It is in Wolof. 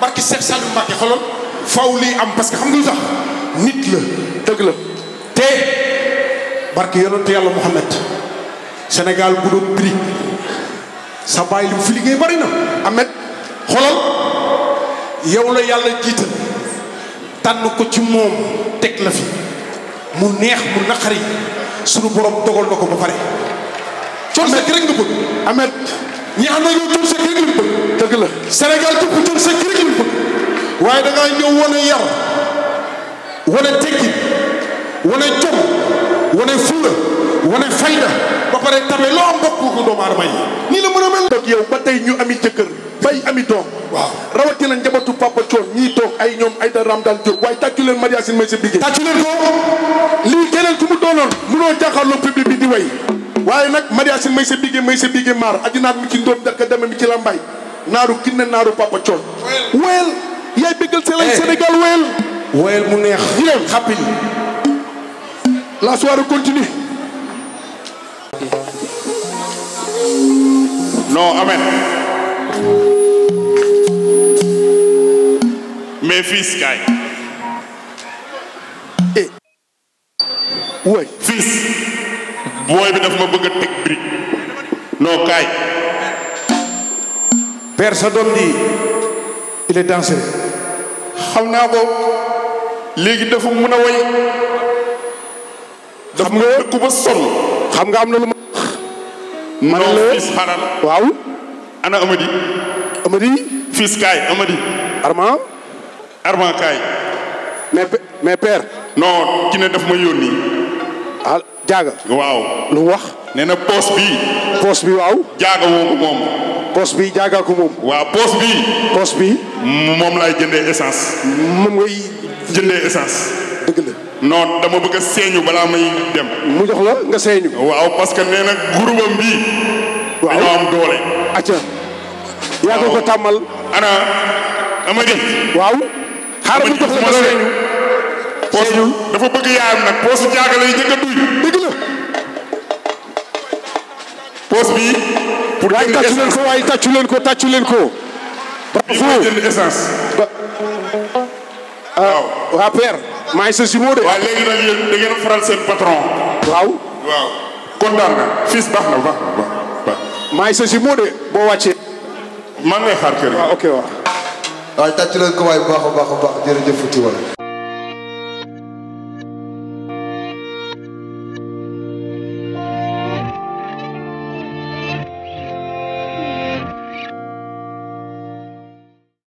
barki Cheikh Saliou Mbacké xolol faw lii am parce que xam nga lu tax nit la dëgg la te barke yonent yàlla Muhammad Sénégal bu doon prix sa bàyyi li mu fi liggéey bari na Ahmed xolal yow la yàlla jiital tànn ko ci moom teg la fi mu neex mu naqari sunu borom dogal na ko ba pare Thione Seck rek nga bëgg Ahmed ñi am na yow Thione Seck rek lañ bëgg dëgg la Sénégal képp Thione Seck rek lañ bëgg waaye da ñëw wane yar wane teggin wane jom wane fuura wane fayda ba pare tabe loo am mbokk ko doomu aadama yi nii la mën a mel toog yow ba tey ñu ami jëkkër bay ami doom waaw rawatina njabootu papa coon ñii toog ay ñoom ay da ram daal jóg waaye tàccu leen mariasin may sa bigé tàccu leen ko lii keneen ku mu doonoon munoo jàkkaarloo public bi di way waaye nag mariasin may sa bigé may sa bigé maar ajinaat mi ci ndóom dakka deme mi ci lambay naaru kinne naaru papa coon weel woyal mu neex xappil la soirée continue non amen mais fils kay eh woy fils booy bi daf ma bëgg teg brique non kay père sa doom di il est dansé xam naa ko léegi dafa mun a way dafa nga dëkku ba sonn xam nga am na lu ma man la waaw ana amadi amadi fils kaay amadi arman arman kaay mais mais père non ki ne daf ma yónni ah jaaga waaw lu wax nee na poos bi poos bi waaw jaaga moom poos bi jaaga moom waaw poos bi poos bi moom lay jëndee essence moom ngay jëndee essance dëgg la non dama bëgg a seeñu balaa may dem. mu jox la nga seeñu. waaw parce que nee na groupam bii. waaw doole. acca yaa ko ko tàmmal. ana Amady. waaw xaaral mu jox la seeñu. seeñu dafa bëgg yaayam nag poos jaaga lay njëkk a duy. dëgg poos bi pour jënd essence tàccu leen ko waaye tàccu leen ko tàccu ko. bravo jënd waa ah, ah, père maa ngi sa jumeau de. waaw léegi nag yéen da ngeen a faral seen patron. waaw. waaw kontaan na fils baax na baax na baax na. maa ngi sa jumeau de boo wàccee. maa ngi lay xaar kër gi waaw ah, ok waaw. waaye tàcc leen ko waay bu baax a baax a baax jërëjëf Fouti wala.